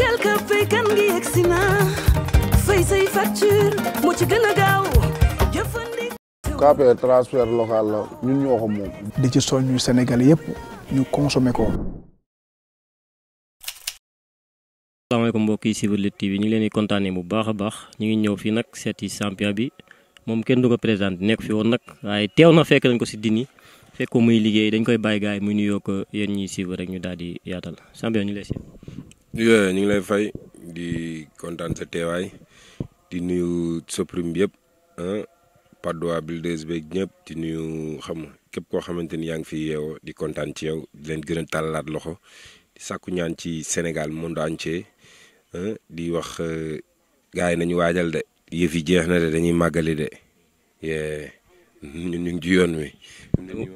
bëggal ka fay kan ngi yegg si na fay say ko moom di ci soññu Sénégal yëpp ñu yi ñu leen di kontaanee bu baax baax ñu ngi ñëw fi nag seeti champion bi moom kenn du ko présenté nekk fi woon nag waaye teew na fekk nañ ko si dini fekk muy liggéey dañ koy bàyyi gaay mu nuyoo ko yéen ñuy suivre rek ñu daal di yaatal champion ñu lay ñu ngi lay fay di kontaan sa teewaay di nuyu Soprim bi yëpp ah, Patte d'Oie Buldeuse beeg ñëpp di nuyu xam képp koo xamante ni yaa ngi fi yeewoo di kontaan ci yow leen gën a tàllalaat loxo di sàkku ñaan ci Sénégal monde entier ah, di wax eh, gars yi nañu waajal de yëf yi jeex na de dañuy màggali de ñun ñu ngi ci yoon wi.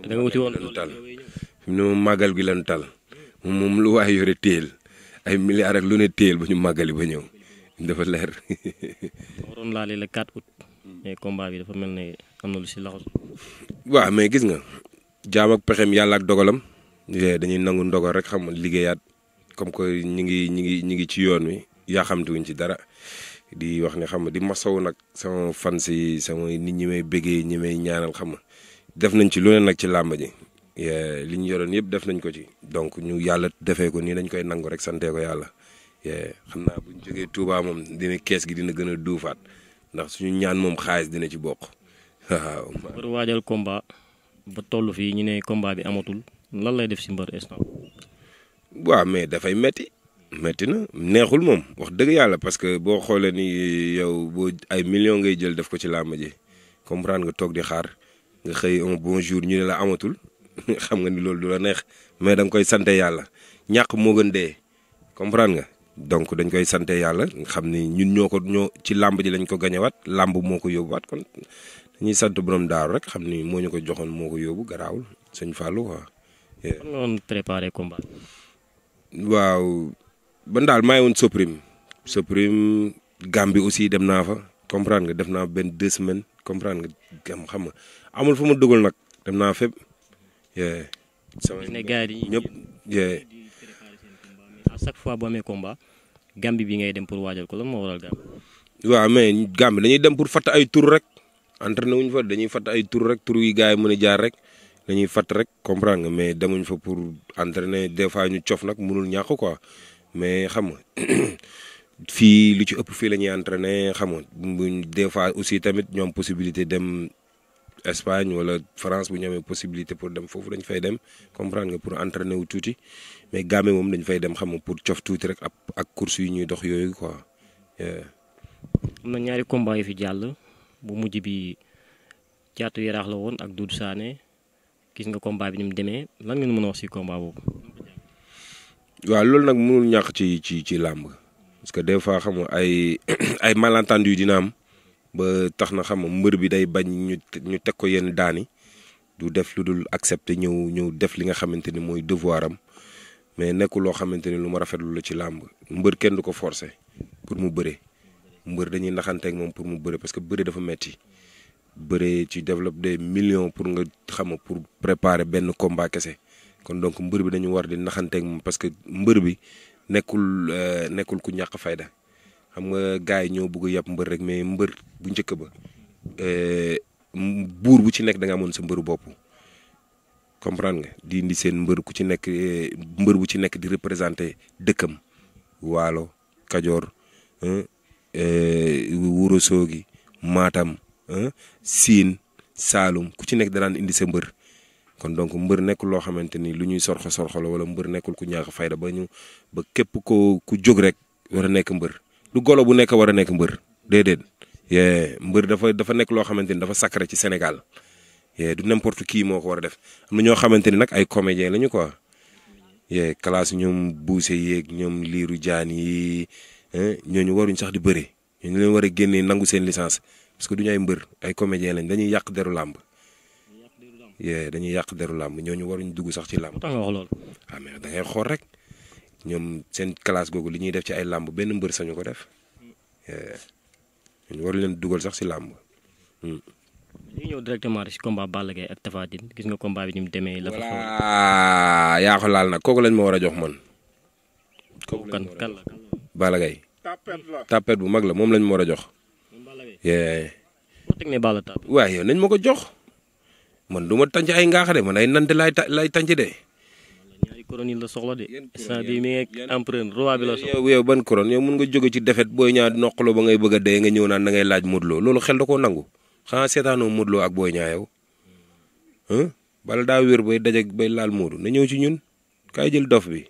da nga wuti woon loolu fi lañu tal moom lu waay yore téel. ay milliards ak lu ne téyel ba ñu màggali ba ñëw dafa leer. waroon laale la 4 août. mais combat bi dafa mel ne am na lu si laxas. waaw mais gis nga jaam ak pexem yàlla ak dogalam dañuy nangu ndogal rek xam liggéeyaat comme que ñi ngi ñi ngi ñi ngi ci yoon wi yaa xamte wuñ ci dara di wax ne xam nga di masaw nag sama fan si sama nit ñi may bëggee ñi may ñaanal xam nga def nañ ci lu ne nag ci làmb ji Euh, li ñu yoroon yëpp def nañ ko ci donc ñu yàlla defee ko nii dañ koy nangu rek santee ko yàlla xam naa bu ñu jógee Touba moom dina kees gi dina gën a duufaat ndax suñu ñaan moom xaalis dina ci bokk waaw. war ba toll fii ñu ne combat bi amatul lan lay def si mbër instant. waaw dafay metti metti na neexul moom wax dëgg yàlla parce que boo xoolee ni yow boo ay millions ngay jël def ko ci làmb ji comprendre nga toog di xaar nga xëy un bon jour ñu ne la amatul xam nga ni loolu du la neex mais da koy sante yàlla ñàkk moo gën dee comprendre nga donc dañ koy sante yàlla xam ni ñun ñoo ko ñoo ci làmb ji lañ ko gañewaat làmb moo ko yóbbuwaat kon dañuy sant borom daaru rek xam ni moo ñu ko joxoon moo ko yóbbu garaawul sëñ Fallou quoi. fan nga doon préparé waaw ban daal maa ngi woon Soprim Soprim Gambie aussi dem naa fa comprendre nga def naa benn deux semaines comprendre nga xam nga amul fu ma dugal nag dem naa fépp yee. sama ne gars yi ñëpp yee. à chaque fois boo amee combat Gambie bi ngay dem pour waajal ko lan moo waral Gambie. waaw mais Gambie dañuy dem pour fatt ay tur rek entraîné wuñ fa dañuy fatt ay tur rek tur yi gars yi mën a jaar rek dañuy fatt rek comprendre nga mais demuñ fa pour entraîner des fois ñu cof nag mënul ñàkk ko mais xam nga fii lu ci ëpp fii la ñuy entraîné xam nga des fois aussi tamit ñoom possibilité dem. Espagne wala France bu ñu possibilité pour dem foofu dañ fay dem comprendre nga pour entraîner wu tuuti mais Gambie moom dañ fay dem xam nga pour cof tuuti rek ak course yu ñuy dox yooyu quoi. am na ñaari combat yu fi jàll bu mujj bi caatu yaraax la woon ak Doudou Sané gis nga combat bi ni mu demee lan ngeen mën a wax ci combat boobu. waaw loolu nag mënul ñàkk ci ci ci làmb parce que des fois xam nga ay ay malentendu dina am. ba tax na xam mbër bi day bañ ñu ñu teg ko yenn daani du def lu dul accepte ñëw ñëw def li nga xamante ni mooy devoir am mais nekkul loo xamante ni lu ma rafetlu la ci làmb mbër kenn du ko forcer pour mu bëre mbër dañuy naxanteeg moom pour mu bëre parce que bëre dafa metti bëre ci développe des millions pour nga xam pour préparer benn combat kon donc mbër bi dañu war di parce que mbër bi nekkul euh, nekkul ku ñàkk fayda xam nga gars yi ñoo bugg yàpp mbër rek mais mbër bu njëkk ba eh, buur bu ci nekk da amoon sa mbëru bopp comprendre nga di indi seen mbër ku ci nekk eh, mbër bu ci nekk di représenté dëkkam waalo kajoor eh, Wuro Sogi Matam Siin Saalum ku ci nekk daraan indi sa mbër kon donc mbër nekkul loo xamante ni lu ñuy sorxo sorxo la wala mbër nekkul ku ñaax fayda ba ñu ba képp ko ku jóg rek war a nekk mbër du golo bu nekk war a nekk mbër déedéet mbër dafa dafa nekk loo xamante ni dafa sacré ci Sénégal du n'importe kii moo ko war a def am na ñoo xamante ni nag ay comédien lañu quoi classe ñoom buuse yeeg ñoom liiru jaan yi ñooñu waruñ sax di bëre ñooñu leen war a génnee nangu seen licence parce que duñu ay mbër ay comédien lañ dañuy yàq deru làmb dañuy yàq deru làmb ñoo ñu waruñu dugg sax ci làmb. tax nga wax loolu. ah xool rek. ñoom seen classe googu li ñuy def ci ay làmb benn mbër sañu ko def ñu eh, waru leen dugal sax si làmb. Hmm. ñu ñëw directement si combat Balla ak Tapha Tine gis nga combat bi ni mu demee. la voilà laal na kooku lañ ma war a jox man. kooku kan tapet bu mag la moom lañ ma war a jox. boo teg ne Balla tapet. waaye yow ma jox man du ma tànc ay ngaax de man ay nant laay ta laay de. couronne la soxla de. instant bii mi ngi empreinte roi bi la soxla. yow ban couronne yow mun nga jóge ci ba ngay bëgg a dee nga ñëw naan da ngay laaj Modou Lo loolu xel da koo nangu xanaa seetaanoo Lo ak booy ñaa yow. bala daa wér bay dajag bay laal Modou na ñëw ci ñun kaay jël dof bi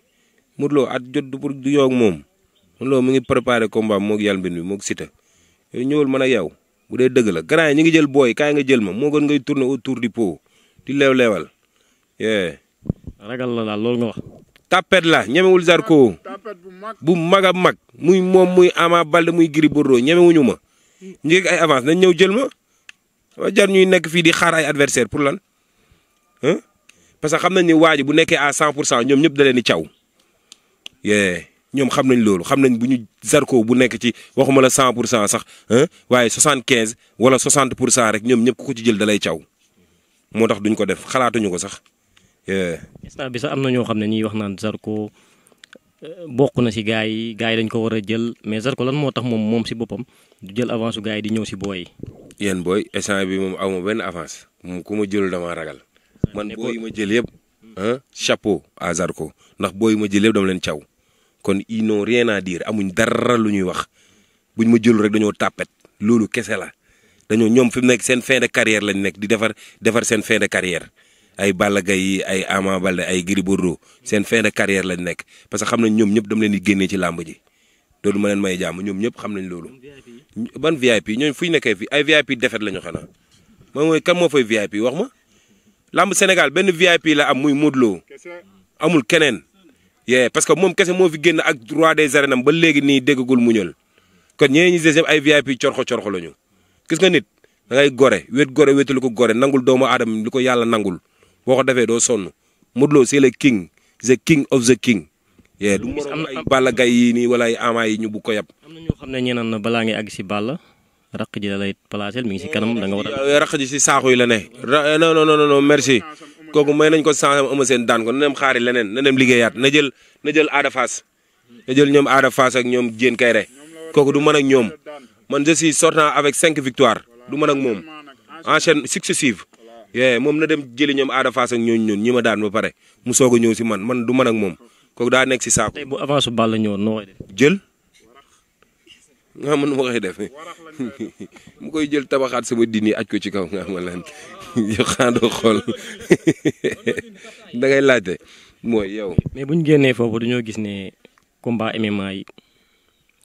Modou Lo at jot du pour du yow moom Modou Lo mu ngi préparé combat moog yàlla mbin bi moog sita yow ñëwal man ak yow bu dee dëgg la grand ñi ngi jël booy kaay nga jël ma moo gën ngay tourner autour du pot di leew leewal. ragal la daal loolu nga wax. tapet la ñemewul Zarko bu mag a mag muy moom muy Ama Baldé muy Gris Bordeaux ñemewuñu ma njëkk ay avance nañ ñëw jël ma wa jar ñuy nekk fii di xaar ay adversaire pour lan parce que xam nañ ni waa ji bu nekkee à 100 pour cent ñoom ñëpp da di caw yee ñoom xam nañ loolu xam nañ bu ñu Zarko bu nekk ci waxuma la 100 pour cent sax waaye quinze wala 60 pour cent rek ñoom ñëpp ku ko ci jël dalay lay caw moo tax duñ ko def xalaatuñu ko sax. instant bi sax am na ñoo xam ne ñi wax naan Zarko euh, bokk na si gars yi gars yi dañ ko war a jël mais Zarko lan moo tax moom moom si boppam du jël avance su gars yi di ñëw si booy yi. yéen booy instant bi moom aw benn avance moom ku ma jëlul damaa ragal. man booy yi ma jël yëpp. chapeau à Zarko ndax booy yi ma jël yëpp dama leen caw kon ils n'ont rien à dire amuñ dara lu ñuy wax buñ ma jëlul rek dañoo tàppet loolu kese la dañoo ñoom fi mu nekk seen fin de carrière lañ nekk di defar defar seen de carrière. ay Balla Gaye yi ay Ama Baldé seen fin de carrière lañ nekk parce que xam nañ ñoom ñëpp dama leen di génnee ci làmb ji loolu ma leen may jàmm ñoom ñëpp xam nañ loolu. ban VIP ñooñ fu ñu nekkee fii ay VIP defet la ñu xanaa moom mooy kan moo fay VIP wax ma làmb Sénégal benn VIP la am muy Modou Lo amul keneen. yee parce que moom kese moo fi génn ak roi des nam ba léegi nii déggagul mu ñël kon ñeneen ñu des ay VIP corxo corxo lañu gis nga nit da ngay gore wet gore wetu ko gore nangul doomu aadama lu ko yàlla nangul. boo ko defee doo sonn Modou Lo c'est le king the king of the king. yee du moroom ay Balla Gaye yii nii wala ay Ama yi ñu bu ko yab. am na ñoo xam ne ñeneen na balaa ngay àgg si Balla raq ji da lay placé saako yi la ne. Eh, non non kooku may nañ ko sans am seen daan ko na dem xaari leneen na dem liggéeyaat na jël na jël aada faas na jël ñoom aada faas ak ñoom jéen kayre kooku du mën ak ñoom man je suis sortant avec cinq victoires du mën ak moom enchaîne successive yee eh, moom na dem jëli ñoom aada faas ak ñooñu ñun ma daan ba pare mu soog ñëw si man man du man ak moom kooku daa nekk si saako. bu avance bu Balla ñëwoon noo koy def. jël nga ah, man nu ma koy def mu koy jël tabaxaat sama dini aj ko ci kaw nga xam lan yow xanaa yow. mais bu génnee foofu dañoo gis ne combat MMA yi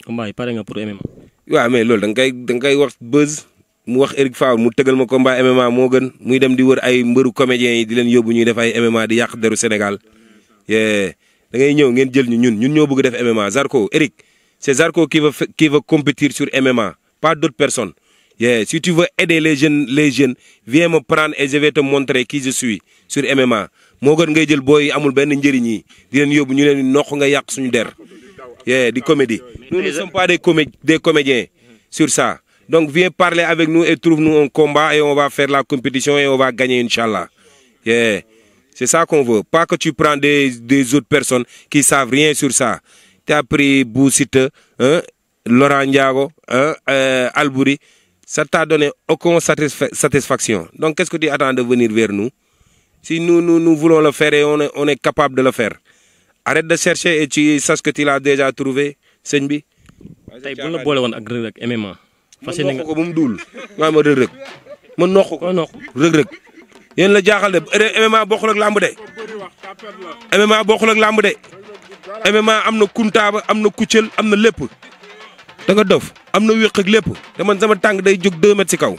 combat yi pare nga pour MMA. waaw mais loolu da nga koy da mu wax Eric Favre mu tëgal ma combat MMA moo gën muy dem di wër ay mbëru comédiens yi di leen yóbbu ñuy def ay MMA di yàq deru Sénégal da ngay ñëw ngeen jël ñu ñun ñun ñoo bëgg def MMA Zarko Eric c'est Zarko qui va qui va compétir sur MMA pas d'autres personnes yeah. si tu veux aider les jeunes les jeunes viens me prendre et je vais te montrer qui je suis sur MMA moo gën ngay jël booy amul benn njëriñ yi di leen ñu leen noq nga yàq suñu der di comédie nous ne sommes pas des comé sur ça Donc viens parler avec nous et trouve-nous un combat et on va faire la compétition et on va gagner, Inch'Allah. Yeah. C'est ça qu'on veut. Pas que tu prends des, autres personnes qui savent rien sur ça. Tu as pris Boussite, hein, Laurent euh, t'a donné aucune satisfa satisfaction. Donc qu'est-ce que tu attends de venir vers nu Si nous, nous, nous voulons on est, capable de le faire. Arrête de chercher et tu saches que tu l'as déjà trouvé. Seigne bi. fas nga ko ba mu duul ma ma rëg-rëg ma noq ko noq rëg-rëg yéen la jaaxal de MMA bokkul ak làmb de MMA bokkul ak làmb de MMA am na kuntaaba am na kuccël am na lépp danga nga am na wéq ak lépp te man sama tànk day jóg 2 mètres ci kaw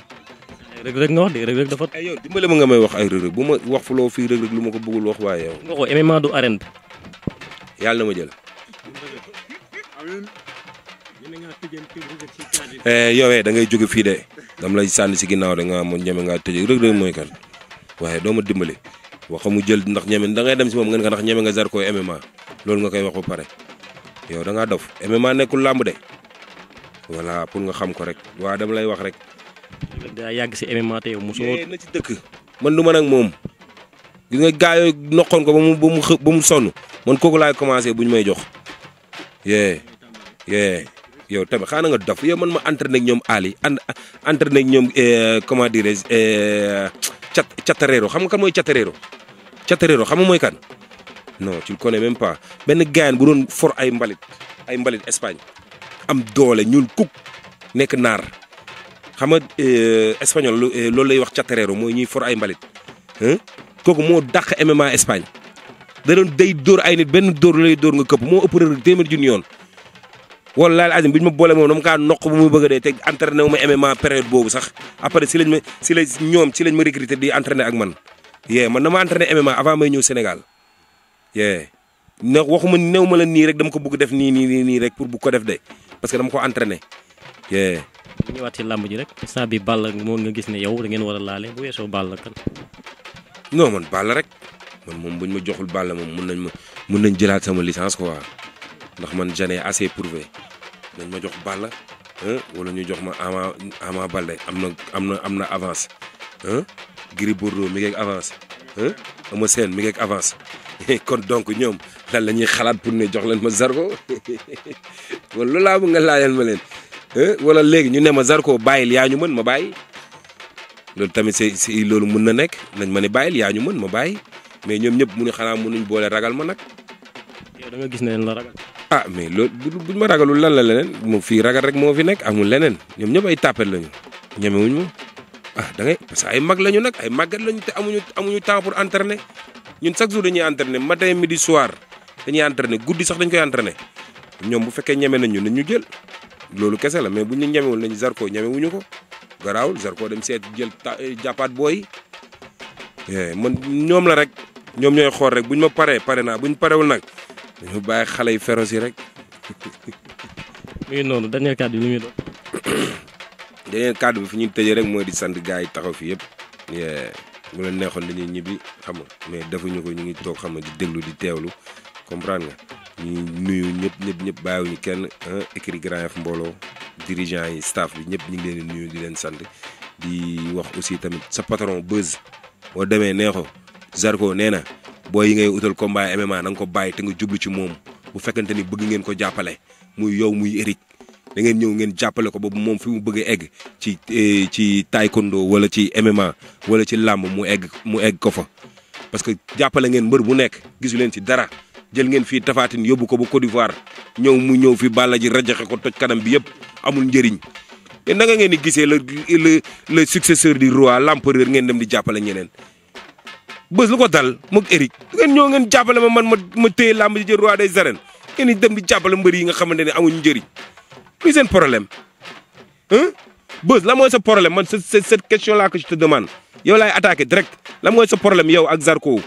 rëg-rëg nga wax de rëg-rëg dafa yow dimbale ma nga may wax ay rëg-rëg bu ma wax fu loo fii rëg-rëg lu ma ko bëggul wax waaye yow nga ko MMA du arène yàlla ma jël Eh, yow eh, da ngay jóge fii de dam lay sànni si ginnaaw da nga moom ñeme ngaa tëj Reug Reug mooy kan waaye doo ma dimbali waxa mu jël ndax ñeme da dem si moom ngeen ka ndax ñeme nga Zarko MMA loolu nga koy wax ba pare yow da ngaa dof MMA nekkul làmb de voilà pour nga xam ko rek waa dama lay wax rek. daa yàgg si MMA te yow mosoo. Eh, ci dëkk man du ak moom gis nga gaa yooyu noqoon mu ba mu xë ba mu man kooku laay commencé bu ñu may jox yee yow tamit xaana nga dof yow man ma entraîné ak ñoom Ali and entraîné ak ñoom eh, comment dirais-je eh, cat catareero xam nga kan mooy catareero catareero xam nga mooy kan non tu le connais même pas benn gaayaan bu doon for ay mbalit ay mbalit Espagne am doole ñuul kuk nekk naar xam nga eh, espagnol loolu lay wax catareero mooy ñuy for ay mbalit kooku moo dàq MMA Espagne da doon day dóor ay nit benn dóor lay dóor nga këpp moo ëpp téeméer jun yoon wallaahi azim bi ñu ma boole moom dama kaa noq bu muy bëgg dee te entraîné wu ma MMA période boobu sax après si lañ ma si la ñoom si lañ ma recruté di entraîné ak man yee man dama entraîné MMA avant may ñëw Sénégal yee ndax waxuma néew ma la nii rek dama ko bëgg def nii nii nii rek pour bu ko def de parce que dama ko entraîné yee. bu ñëwaat ci làmb ji rek instant bi la moom nga gis ne yow da ngeen war a laale bu weesoo Balla kan. non man Balla rek moom bu ma joxul Balla moom mun nañ ma mun nañ jëlaat sama licence quoi. ndax man j'en ai pour prouvé dañ ma jox Balla wala ñu jox ma Ama Ama Baldé am na am na am na avance Gris Bordeaux mi ngeeg avance Ama seen mi ngeeg avance kon donc ñoom lan la ñuy xalaat pour ne jox leen ma Zarko wala loolaa bu nga laajal ma leen wala léegi ñu ne ma Zarko bàyyil yaa ñu mën ma bàyyi loolu tamit c'est si loolu mun na nekk nañ ma ne bàyyil yaa ñu mën ma bàyyi mais ñoom ñëpp mu ne xanaa mënuñ boole ragal ma nag. yow da gis ne la ragal. ah mais loolu buñ ma ragalul lan la leneen moom fii ragal rek moo fi nekk amul leneen ñoom ñëpp ay tàppet lañu ñemewuñ ma ah da ngay parce que ay mag lañu nag ay màggat lañu te amuñu amuñu temps pour ñun chaque jour dañuy entraîner matin midi soir dañuy entraîner guddi sax dañ koy entraîner ñoom bu fekkee ñeme nañ ñu nañ ñu jël loolu kese la mais buñ ñu ñemewul nañ Zarko ñemewuñu ko garaawul Zarko dem seet jël ta eh, jàppaat booy eh, ñoom la rek ñoom ñooy xool rek buñ ma paree pare naa buñ parewul nag. ñu bàyyi xale yi féroce yi rek. muy noonu dernier kàddu bi muy doon. dernier kàddu bi fi ñuy tëjee rek mooy di sant gars yi taxaw fi yëpp. mu la neexoon dañuy ñibbi xam mais defuñu ko ñu ngi toog xam nga di déglu di teewlu comprendre nga ñu nuyu ñëpp ñëpp ñëpp bàyyiwuñu kenn écrit Grand Yoff mbooloo dirigeant yi staff bi ñëpp ñu ngi leen di nuyu di leen sant di wax aussi tamit sa patron Beuz boo demee neexoo Zarko nee na boo yi ngay utal combat MMA na nga ko bàyyi te nga jublu ci moom bu fekkente ni bëgg ngeen ko jàppale muy yow muy Eric da ngeen ñëw ngeen jàppale ko boobu moom fi mu bëgg a egg ci eh, ci taekwondo wala ci MMA wala ci làmb mu egg mu egg ko fa. parce que jàppale ngeen mbër bu nekk gisu leen ci dara jël ngeen fii tafaatin yóbbu ko bu Côte d'Ivoire ñëw mu ñëw fi bàlla ji rajaxe ko toj kanam bi yëpp amul njëriñ. te naka ngeen di gisee le le le successeur du roi l'empereur ngeen dem di jàppale ñeneen bës lu ko dal moog Eric du ngeen ñoo ngeen jàppale ma man ma ma téye làmb ji jël roi des arènes ngeen di dem di jàppale mbër yi nga xamante ne amuñu njariñ luy seen problème ah bës la mooy sa problème man cette cette question là que je demande yow laay attaqué direct la mooy sa problème yow ak Zarko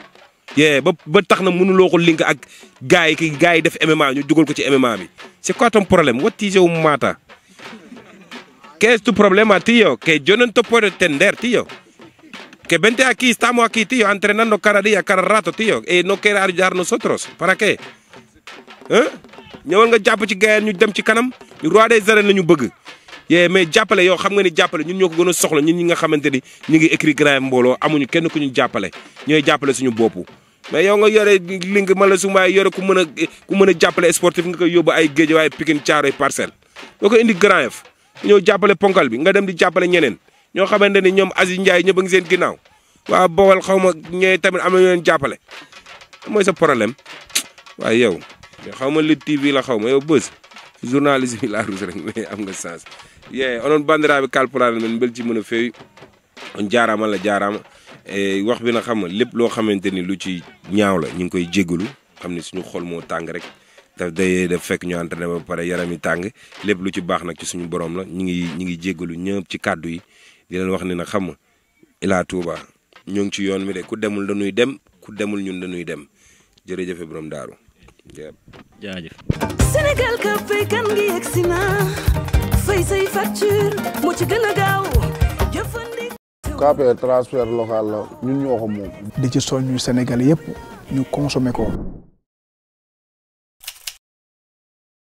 yee ba tax na mënuloo ko link ak gars yi ki gars yi def MMA ñu jugal ko ci MMA bi c'est quoi ton problème what is your matter qu'est-ce tu problème ah ti yow kay jonante ti yow que vente aquí, estamos aquí, tío, entrenando cada día, cada rato, tío, y no quiere ayudar nosotros. ¿Para qué? ¿Eh? nga jàpp ci gars ñu dem ci kanam roi des arènes la ñu bëgg. yee mais jàppale yoo xam nga ni jàppale ñun ñoo ko gën a soxla ñun ñi nga xamante ni ñu ngi écrit grand mbooloo amuñu kenn ku ñu jàppale ñooy jàppale suñu bopp. mais yow nga yore link ma la su ma yore ku mën a ku mën a jàppale sportif nga koy yóbbu ay géej waaye Pikine Thiaroye Parcelles. doo ko indi grand F ñëw jàppale bi nga dem di jàppale ñeneen ñoo xamante ni ñoom Aziz Ndiaye ñëpp ngi seen ginnaaw waa Bawol xaw ma ñee tamit am na ñu leen jàppale sa problème waa yow xaw ma li TV la xaw ma yow bës journaliste bi laa rus rek mais am nga sens yee onoon bandiraɓe kalpulaar men mbel ci mën a feewi on jaaraama la jaaraama eh, wax bi na xam nga lépp loo xamante ni lu ci ñaaw la ñu ngi koy jégalu xam ni suñu xol moo tàng rek daf day daf fekk ñu entraîné ba pare yaram yi tàng lépp lu ci baax nag ci suñu borom la ñu ngi ñu ngi jégalu ñëpp ci kàddu yi di wax ne na xam nga Ila Touba ñoo ngi ci yoon mi de ku demul dañuy dem ku demul ñun dañuy dem jërëjëf borom daaru jaajëf Sénégal ka fay locale la ñun ñoo moom. di ci soññu Sénégal yëpp ñu consomé ko.